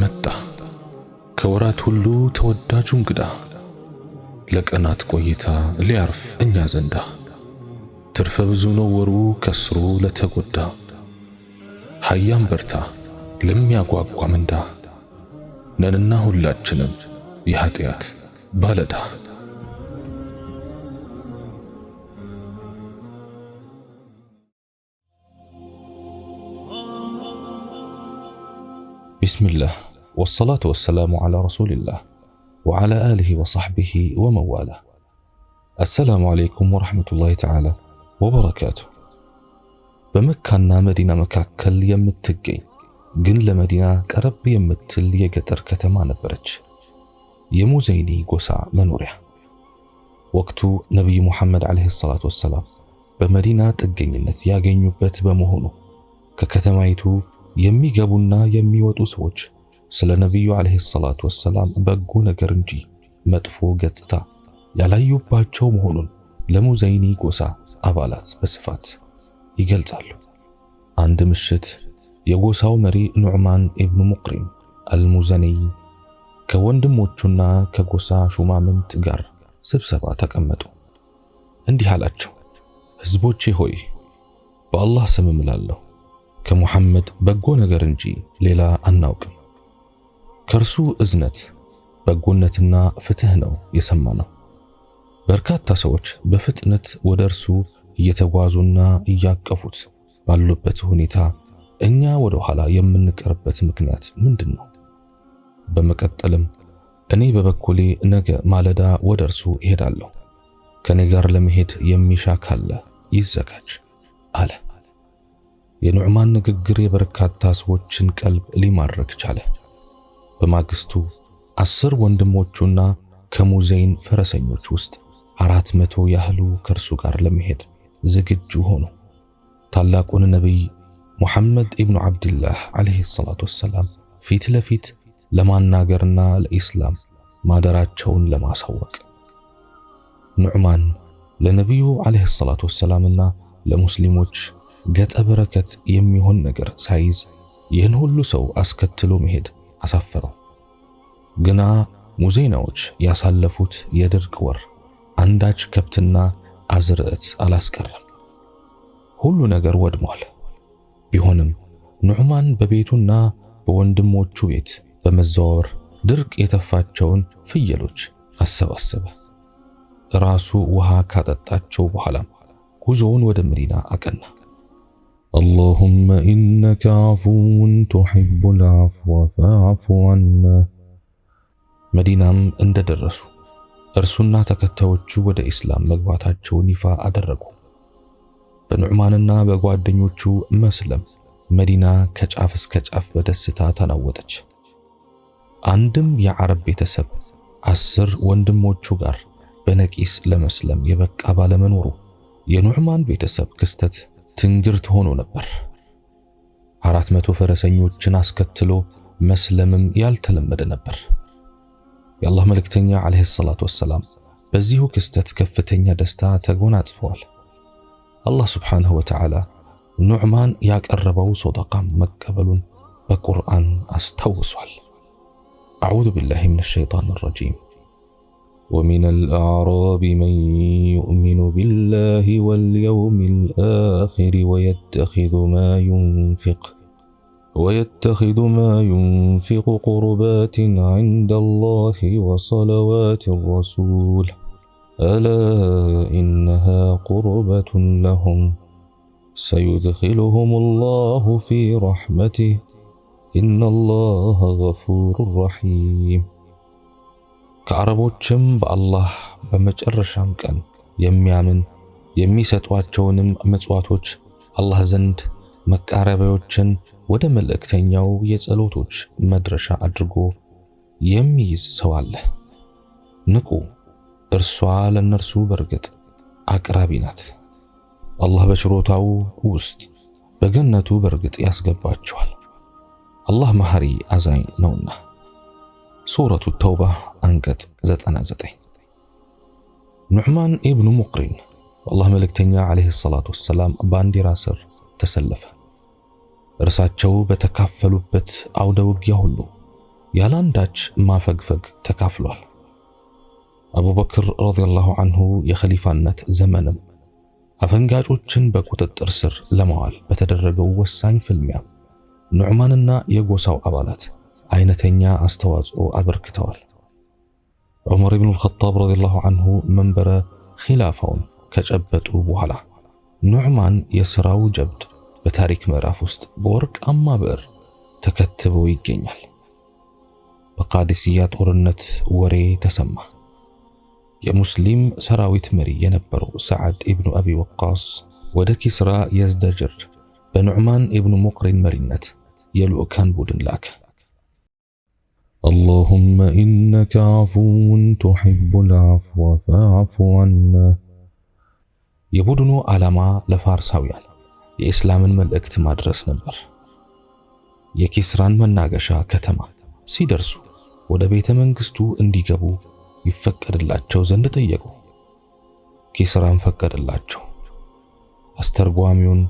መጣ ከወራት ሁሉ ተወዳጁ እንግዳ ለቀናት ቆይታ ሊያርፍ እኛ ዘንዳ ትርፈ ብዙ ነው ወሩ ከስሩ ለተጎዳ ሃያም በርታ ለሚያጓጓ ምንዳ ነንና ሁላችንም የኃጢአት ባለዳ بسم الله والصلاة والسلام على رسول الله وعلى آله وصحبه ومواله السلام عليكم ورحمة الله تعالى وبركاته بمكة مدينة مكة كل يوم التقي قل لمدينة كرب يوم التلية قتر كتمان برج يمو زيني قسع منوريه وقت نبي محمد عليه الصلاة والسلام بمدينة تقين النتياجين يبت بمهنو ككتمايتو የሚገቡና የሚወጡ ሰዎች ስለ ነቢዩ ዓለይሂ ሰላቱ ወሰላም በጎ ነገር እንጂ መጥፎ ገጽታ ያላዩባቸው መሆኑን ለሙዘይኒ ጎሳ አባላት በስፋት ይገልጻሉ። አንድ ምሽት የጎሳው መሪ ኑዕማን ኢብኑ ሙቅሪም አልሙዘኒይ ከወንድሞቹና ከጎሳ ሹማምንት ጋር ስብሰባ ተቀመጡ። እንዲህ አላቸው፣ ህዝቦቼ ሆይ በአላህ ስም እምላለሁ ከሙሐመድ በጎ ነገር እንጂ ሌላ አናውቅም። ከእርሱ እዝነት በጎነትና ፍትህ ነው የሰማነው። በርካታ ሰዎች በፍጥነት ወደ እርሱ እየተጓዙና እያቀፉት ባሉበት ሁኔታ እኛ ወደ ኋላ የምንቀርበት ምክንያት ምንድን ነው? በመቀጠልም እኔ በበኩሌ ነገ ማለዳ ወደ እርሱ እሄዳለሁ፣ ከኔ ጋር ለመሄድ የሚሻ ካለ ይዘጋጅ አለ። የኑዕማን ንግግር የበርካታ ሰዎችን ቀልብ ሊማርክ ቻለ። በማግስቱ አስር ወንድሞቹና ከሙዘይን ፈረሰኞች ውስጥ አራት መቶ ያህሉ ከእርሱ ጋር ለመሄድ ዝግጁ ሆኑ። ታላቁን ነቢይ ሙሐመድ ኢብኑ ዓብድላህ ዓለይሂ ሰላቱ ወሰላም ፊት ለፊት ለማናገርና ለኢስላም ማደራቸውን ለማሳወቅ ኑዕማን ለነቢዩ ዓለይሂ ሰላቱ ወሰላምና ለሙስሊሞች ገጸ በረከት የሚሆን ነገር ሳይዝ ይህን ሁሉ ሰው አስከትሎ መሄድ አሳፈረው። ግና ሙዜናዎች ያሳለፉት የድርቅ ወር አንዳች ከብትና አዝርዕት አላስቀረም። ሁሉ ነገር ወድሟል። ቢሆንም ኑዕማን በቤቱና በወንድሞቹ ቤት በመዘዋወር ድርቅ የተፋቸውን ፍየሎች አሰባሰበ። ራሱ ውሃ ካጠጣቸው በኋላም ጉዞውን ወደ መዲና አቀና። اللهم إنك عفو تحب العفو فاعف عنا መዲናም እንደደረሱ እርሱና ተከታዮቹ ወደ ኢስላም መግባታቸውን ይፋ አደረጉ። በኑዕማንና በጓደኞቹ መስለም መዲና ከጫፍ እስከ ጫፍ በደስታ ተናወጠች። አንድም የዓረብ ቤተሰብ አስር ወንድሞቹ ጋር በነቂስ ለመስለም የበቃ ባለመኖሩ የኑዕማን ቤተሰብ ክስተት ትንግርት ሆኖ ነበር። አራት መቶ ፈረሰኞችን አስከትሎ መስለምም ያልተለመደ ነበር። የአላህ መልእክተኛ ዓለይሂ ሰላቱ ወሰላም በዚሁ ክስተት ከፍተኛ ደስታ ተጎናጽፈዋል። አላህ ሱብሓነሁ ወተዓላ ኑዕማን ያቀረበው ሶደቃም መቀበሉን በቁርአን አስታውሷል። አዑዙ ቢላሂ ሚነ ሸይጣን ረጂም ومن الأعراب من يؤمن بالله واليوم الآخر ويتخذ ما ينفق ويتخذ ما ينفق قربات عند الله وصلوات الرسول ألا إنها قربة لهم سيدخلهم الله في رحمته إن الله غفور رحيم ከአረቦችም በአላህ በመጨረሻም ቀን የሚያምን የሚሰጧቸውንም ምጽዋቶች አላህ ዘንድ መቃረቢያዎችን ወደ መልእክተኛው የጸሎቶች መድረሻ አድርጎ የሚይዝ ሰው አለ። ንቁ! እርሷ ለእነርሱ በርግጥ አቅራቢ ናት። አላህ በችሮታው ውስጥ በገነቱ በርግጥ ያስገባቸዋል። አላህ መሐሪ አዛኝ ነውና። ሱረቱ ተውባ አንቀጽ 99 ኑዕማን ኢብኑ ሙቅሪን በአላህ መልእክተኛ ዓለይሂ ሰላቱ ወሰላም ባንዲራ ስር ተሰለፈ። እርሳቸው በተካፈሉበት አውደ ውጊያ ሁሉ ያላንዳች ማፈግፈግ ተካፍሏል። አቡበክር ረዲየላሁ አንሁ የኸሊፋነት ዘመንም አፈንጋጮችን በቁጥጥር ስር ለማዋል በተደረገው ወሳኝ ፍልሚያ ኑዕማንና የጎሳው አባላት አይነተኛ አስተዋጽኦ አበርክተዋል። ዑመር ኢብኑል ኸጣብ ረዲየላሁ አንሁ መንበረ ኺላፋውን ከጨበጡ በኋላ ኑዕማን የሥራው ጀብድ በታሪክ ምዕራፍ ውስጥ በወርቃማ ብዕር ተከትቦ ይገኛል። በቃዲስያ ጦርነት ወሬ ተሰማ። የሙስሊም ሰራዊት መሪ የነበረው ሰዓድ ኢብኑ አቢ ወቃስ ወደ ኪስራ የዝደጅር በኑዕማን ኢብኑ ሙቅሪን መሪነት የልዑካን ቡድን ላከ። اللهم إنك عفو تحب العفو فاعف عنا የቡድኑ ዓላማ ለፋርሳውያን የእስላምን መልእክት ማድረስ ነበር። የኪስራን መናገሻ ከተማ ሲደርሱ ወደ ቤተ መንግስቱ እንዲገቡ ይፈቀድላቸው ዘንድ ጠየቁ። ኪስራን ፈቀደላቸው። አስተርጓሚውን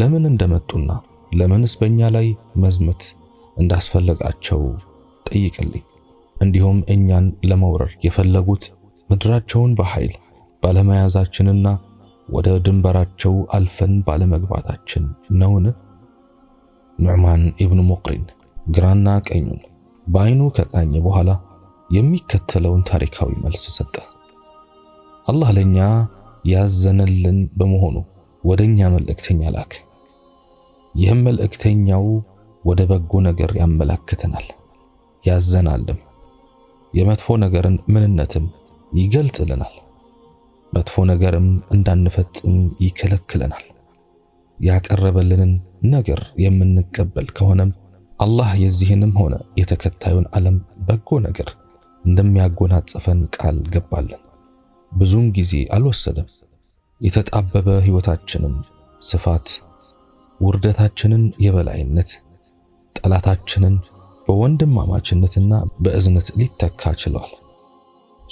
ለምን እንደመጡና ለምንስ በእኛ ላይ መዝመት እንዳስፈለጋቸው ጠይቅልኝ። እንዲሁም እኛን ለመውረር የፈለጉት ምድራቸውን በኃይል ባለመያዛችንና ወደ ድንበራቸው አልፈን ባለመግባታችን ነውን? ኑዕማን ኢብኑ ሙቅሪን ግራና ቀኙን በአይኑ ከቃኘ በኋላ የሚከተለውን ታሪካዊ መልስ ሰጠ። አላህ ለኛ ያዘነልን በመሆኑ ወደኛ መልእክተኛ ላክ። ይህም መልእክተኛው ወደ በጎ ነገር ያመላክተናል። ያዘናልም፣ የመጥፎ ነገርን ምንነትም ይገልጽልናል። መጥፎ ነገርም እንዳንፈጽም ይከለክለናል። ያቀረበልንን ነገር የምንቀበል ከሆነም አላህ የዚህንም ሆነ የተከታዩን ዓለም በጎ ነገር እንደሚያጎናጽፈን ቃል ገባልን። ብዙም ጊዜ አልወሰደም። የተጣበበ ሕይወታችንን ስፋት፣ ውርደታችንን የበላይነት፣ ጠላታችንን በወንድማማችነትና በእዝነት ሊተካ ችሏል።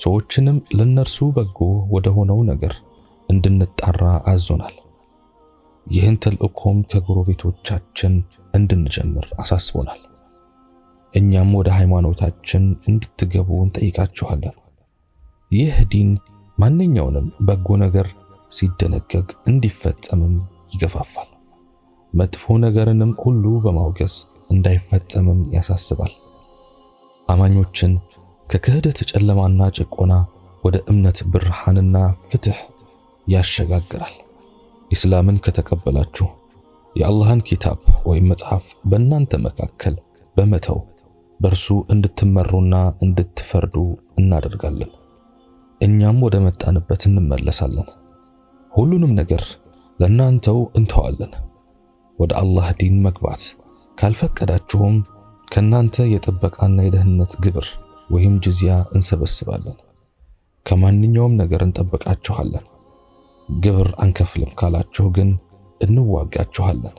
ሰዎችንም ለነርሱ በጎ ወደ ሆነው ነገር እንድንጣራ አዞናል። ይህን ተልእኮም ከጎረቤቶቻችን እንድንጀምር አሳስቦናል። እኛም ወደ ሃይማኖታችን እንድትገቡ እንጠይቃችኋለን። ይህ ዲን ማንኛውንም በጎ ነገር ሲደነገግ እንዲፈጸምም ይገፋፋል። መጥፎ ነገርንም ሁሉ በማውገዝ እንዳይፈጸምም ያሳስባል። አማኞችን ከክህደት ጨለማና ጭቆና ወደ እምነት ብርሃንና ፍትህ ያሸጋግራል። ኢስላምን ከተቀበላችሁ የአላህን ኪታብ ወይም መጽሐፍ በእናንተ መካከል በመተው በእርሱ እንድትመሩና እንድትፈርዱ እናደርጋለን። እኛም ወደ መጣንበት እንመለሳለን። ሁሉንም ነገር ለእናንተው እንተዋለን። ወደ አላህ ዲን መግባት ካልፈቀዳችሁም ከእናንተ የጥበቃና የደህንነት ግብር ወይም ጅዝያ እንሰበስባለን። ከማንኛውም ነገር እንጠብቃችኋለን። ግብር አንከፍልም ካላችሁ ግን እንዋጋችኋለን።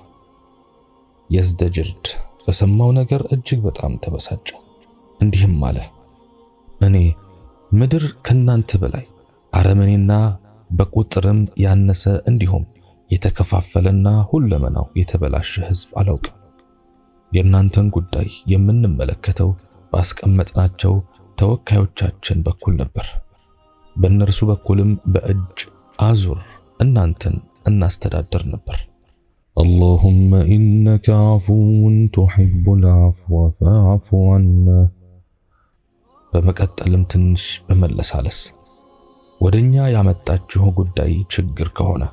የዝደጅርድ በሰማው ነገር እጅግ በጣም ተበሳጨ። እንዲህም አለ፣ እኔ ምድር ከናንተ በላይ አረመኔና በቁጥርም ያነሰ እንዲሁም የተከፋፈለና ሁለመናው የተበላሸ ሕዝብ አላውቅም። የእናንተን ጉዳይ የምንመለከተው ባስቀመጥናቸው ተወካዮቻችን በኩል ነበር። በእነርሱ በኩልም በእጅ አዙር እናንተን እናስተዳደር ነበር። አላሁመ ኢነከ ዓፉውን ቱሒቡል ዓፍወ ፈዕፉ ዐና። በመቀጠልም ትንሽ በመለሳለስ ወደኛ ያመጣችሁ ጉዳይ ችግር ከሆነ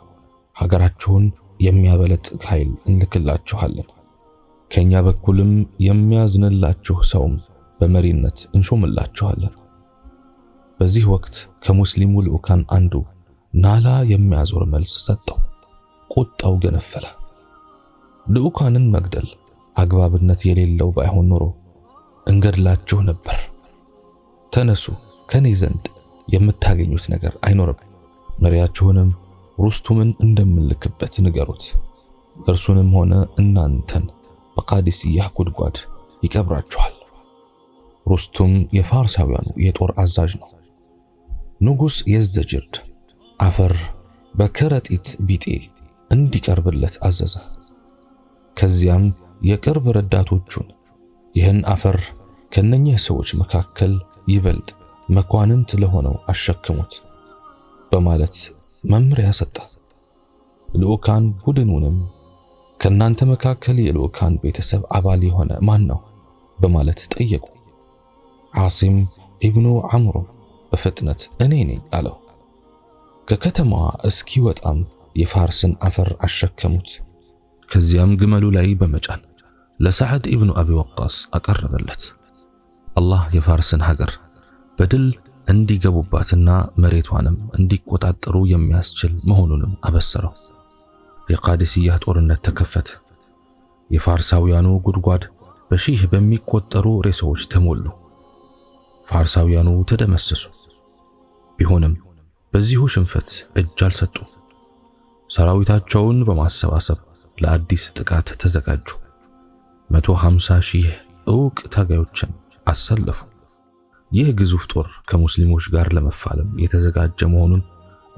ሀገራችሁን የሚያበለጥ ኃይል እንልክላችኋለን ከኛ በኩልም የሚያዝንላችሁ ሰውም በመሪነት እንሾምላችኋለን። በዚህ ወቅት ከሙስሊሙ ልዑካን አንዱ ናላ የሚያዞር መልስ ሰጠው። ቁጣው ገነፈለ። ልዑካንን መግደል አግባብነት የሌለው ባይሆን ኖሮ እንገድላችሁ ነበር። ተነሱ፣ ከኔ ዘንድ የምታገኙት ነገር አይኖርም። መሪያችሁንም ሩስቱምን እንደምንልክበት ንገሩት። እርሱንም ሆነ እናንተን በቃዲስያ ጉድጓድ ይቀብራቸዋል። ሩስቱም የፋርሳውያኑ የጦር አዛዥ ነው። ንጉሥ የዝደጅርድ አፈር በከረጢት ቢጤ እንዲቀርብለት አዘዘ። ከዚያም የቅርብ ረዳቶቹን ይህን አፈር ከነኛ ሰዎች መካከል ይበልጥ መኳንንት ለሆነው አሸክሙት በማለት መምሪያ ሰጣ። ልዑካን ቡድኑንም ከእናንተ መካከል የልዑካን ቤተሰብ አባል የሆነ ማን ነው? በማለት ጠየቁ። ዓሲም ኢብኑ ዐምሩ በፍጥነት እኔ ነኝ አለው። ከከተማዋ እስኪወጣም የፋርስን አፈር አሸከሙት። ከዚያም ግመሉ ላይ በመጫን ለሰዓድ ኢብኑ አቢ ወቃስ አቀረበለት። አላህ የፋርስን ሀገር በድል እንዲገቡባትና መሬቷንም እንዲቆጣጠሩ የሚያስችል መሆኑንም አበሰረው። የቃዴስያ ጦርነት ተከፈተ። የፋርሳውያኑ ጉድጓድ በሺህ በሚቆጠሩ ሬሳዎች ተሞሉ። ፋርሳውያኑ ተደመሰሱ። ቢሆንም በዚሁ ሽንፈት እጅ አልሰጡ። ሰራዊታቸውን በማሰባሰብ ለአዲስ ጥቃት ተዘጋጁ። መቶ ሃምሳ ሺህ ዕውቅ ታጋዮችን አሰለፉ። ይህ ግዙፍ ጦር ከሙስሊሞች ጋር ለመፋለም የተዘጋጀ መሆኑን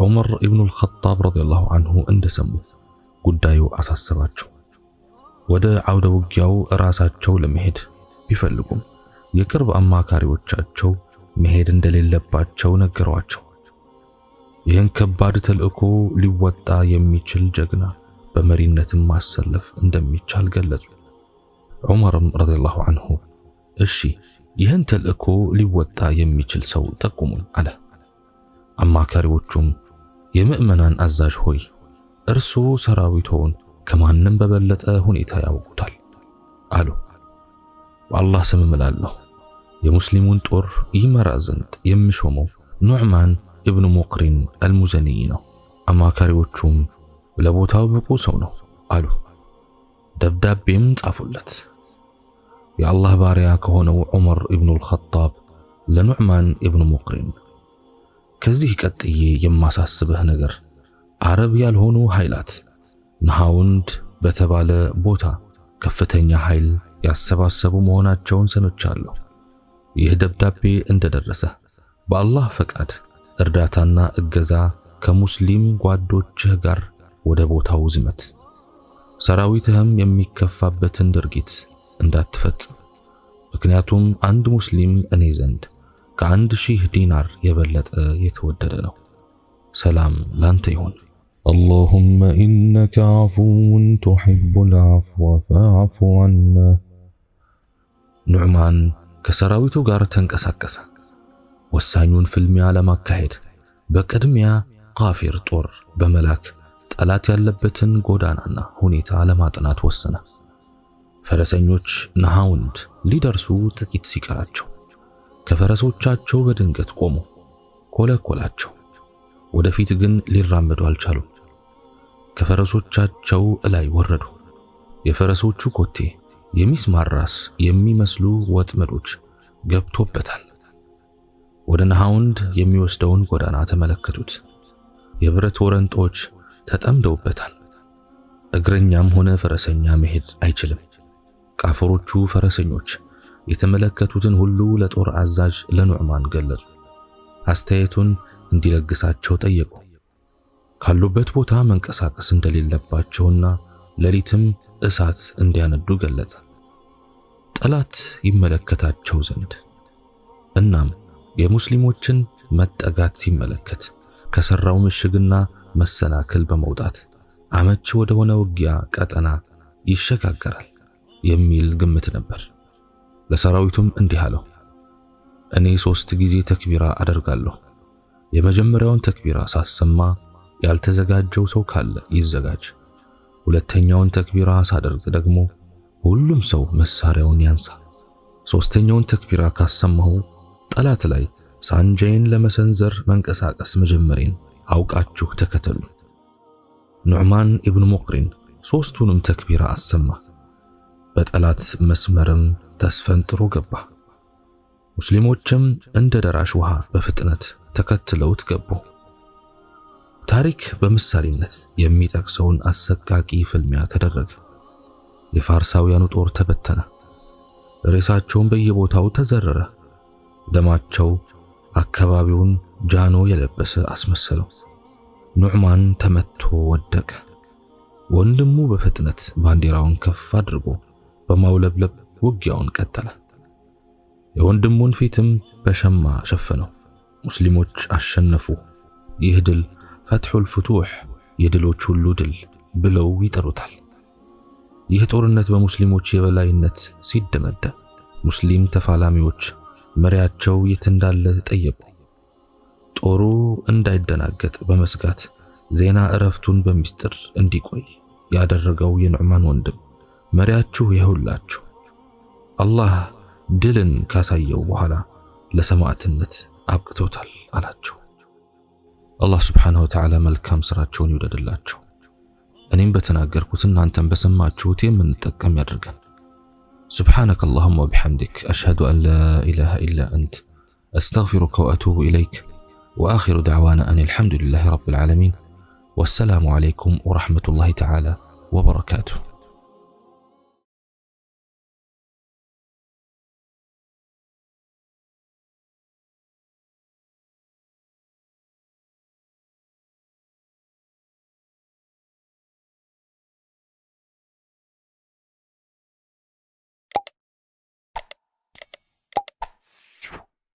ዑመር ኢብኑል ኸጣብ ረዲየላሁ አንሁ እንደሰሙ ጉዳዩ አሳሰባቸው። ወደ አውደ ውጊያው ራሳቸው ለመሄድ ቢፈልጉም የቅርብ አማካሪዎቻቸው መሄድ እንደሌለባቸው ነገሯቸው። ይህን ከባድ ተልእኮ ሊወጣ የሚችል ጀግና በመሪነትም ማሰለፍ እንደሚቻል ገለጹ። ዑመርም ረዲየላሁ አንሁ እሺ ይህን ተልእኮ ሊወጣ የሚችል ሰው ጠቁሙን አለ። አማካሪዎቹም የምእመናን አዛዥ ሆይ እርሱ ሰራዊቶውን ከማንም በበለጠ ሁኔታ ያውቁታል አሉ። በአላህ ስም እምላለሁ የሙስሊሙን ጦር ይመራ ዘንድ የሚሾመው ኑዕማን ኢብኑ ሙቅሪን አልሙዘኒይ ነው። አማካሪዎቹም ለቦታው ብቁ ሰው ነው አሉ። ደብዳቤም ጻፉለት። የአላህ ባሪያ ከሆነው ዑመር ኢብኑ አልኸጣብ ለኑዕማን ኢብኑ ሙቅሪን ከዚህ ቀጥዬ የማሳስብህ ነገር አረብ ያልሆኑ ኃይላት ናሃውንድ በተባለ ቦታ ከፍተኛ ኃይል ያሰባሰቡ መሆናቸውን ሰምቻለሁ። ይህ ደብዳቤ እንደደረሰ በአላህ ፈቃድ እርዳታና እገዛ ከሙስሊም ጓዶችህ ጋር ወደ ቦታው ዝመት፣ ሰራዊትህም የሚከፋበትን ድርጊት እንዳትፈጽም። ምክንያቱም አንድ ሙስሊም እኔ ዘንድ ከአንድ ሺህ ዲናር የበለጠ የተወደደ ነው። ሰላም ላንተ ይሁን። اللهم إنك عفو تحب العفو فاعف عنا ኑዕማን ከሰራዊቱ ጋር ተንቀሳቀሰ። ወሳኙን ፍልሚያ ለማካሄድ በቅድሚያ ቃፊር ጦር በመላክ ጠላት ያለበትን ጎዳናና ሁኔታ ለማጥናት ወሰነ። ፈረሰኞች ነሐውንድ ሊደርሱ ጥቂት ሲቀራቸው ከፈረሶቻቸው በድንገት ቆሙ። ኮለኮላቸው፣ ወደፊት ግን ሊራመዱ አልቻሉም። ከፈረሶቻቸው ላይ ወረዱ። የፈረሶቹ ኮቴ የሚስማር ራስ የሚመስሉ ወጥመዶች ገብቶበታል። ወደ ነሃውንድ የሚወስደውን ጎዳና ተመለከቱት። የብረት ወረንጦች ተጠምደውበታል። እግረኛም ሆነ ፈረሰኛ መሄድ አይችልም። ቃፈሮቹ ፈረሰኞች የተመለከቱትን ሁሉ ለጦር አዛዥ ለኑዕማን ገለጹ። አስተያየቱን እንዲለግሳቸው ጠየቁ። ካሉበት ቦታ መንቀሳቀስ እንደሌለባቸውና ሌሊትም እሳት እንዲያነዱ ገለጸ፣ ጠላት ይመለከታቸው ዘንድ። እናም የሙስሊሞችን መጠጋት ሲመለከት ከሰራው ምሽግና መሰናክል በመውጣት አመች ወደ ሆነ ውጊያ ቀጠና ይሸጋገራል የሚል ግምት ነበር። ለሰራዊቱም እንዲህ አለው፣ እኔ ሶስት ጊዜ ተክቢራ አደርጋለሁ። የመጀመሪያውን ተክቢራ ሳሰማ ያልተዘጋጀው ሰው ካለ ይዘጋጅ። ሁለተኛውን ተክቢራ ሳደርግ ደግሞ ሁሉም ሰው መሳሪያውን ያንሳ። ሶስተኛውን ተክቢራ ካሰማሁ ጠላት ላይ ሳንጃይን ለመሰንዘር መንቀሳቀስ መጀመሬን አውቃችሁ ተከተሉ። ኑዕማን ኢብኑ ሙቅሪን ሶስቱንም ተክቢራ አሰማ። በጠላት መስመርም ተስፈንጥሮ ገባ። ሙስሊሞችም እንደ ደራሽ ውሃ በፍጥነት ተከትለውት ገቡ። ታሪክ በምሳሌነት የሚጠቅሰውን አሰቃቂ ፍልሚያ ተደረገ። የፋርሳውያኑ ጦር ተበተነ፣ ሬሳቸውን በየቦታው ተዘረረ። ደማቸው አካባቢውን ጃኖ የለበሰ አስመሰለው። ኑዕማን ተመቶ ወደቀ። ወንድሙ በፍጥነት ባንዲራውን ከፍ አድርጎ በማውለብለብ ውጊያውን ቀጠለ። የወንድሙን ፊትም በሸማ ሸፈነው። ሙስሊሞች አሸነፉ። ይህ ድል ፈትሑል ፍቱሕ የድሎች ሁሉ ድል ብለው ይጠሩታል። ይህ ጦርነት በሙስሊሞች የበላይነት ሲደመደም ሙስሊም ተፋላሚዎች መሪያቸው የት እንዳለ ጠየቁ። ጦሩ እንዳይደናገጥ በመስጋት ዜና እረፍቱን በሚስጥር እንዲቆይ ያደረገው የኑዕማን ወንድም መሪያችሁ ይሁላችሁ፣ አላህ ድልን ካሳየው በኋላ ለሰማዕትነት አብቅቶታል አላቸው። الله سبحانه وتعالى አላህ ስብሓንሁ ወተዓላ መልካም ሥራቸውን ይውደድላቸው። እኔም በተናገርኩት እናንተም በሰማችሁት የምንጠቀም ያድርገን። سبحانك اللهم وبحمدك أشهد أن لا إله إلا أنت أستغفرك وأتوب إليك وآخر دعوانا أن الحمد لله رب العالمين والسلام عليكم ورحمة الله تعالى وبركاته